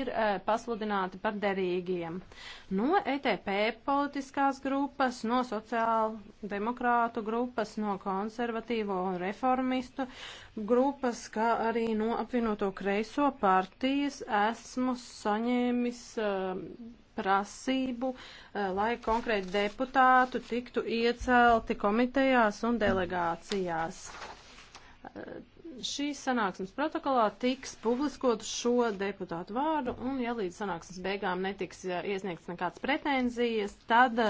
ir e, pasludināti par derīgiem. No ETP politiskās grupas, no sociāla demokrātu grupas, no konservatīvo un reformistu grupas, kā arī no apvienoto kreiso partijas esmu saņēmis e, prasību, e, lai konkrēti deputātu tiktu iecelti komitejās un delegācijās šīs sanāksmes protokolā tiks publiskot šo deputātu vārdu, un ja līdz sanāksmes beigām netiks iesniegts nekāds pretenzijas, tad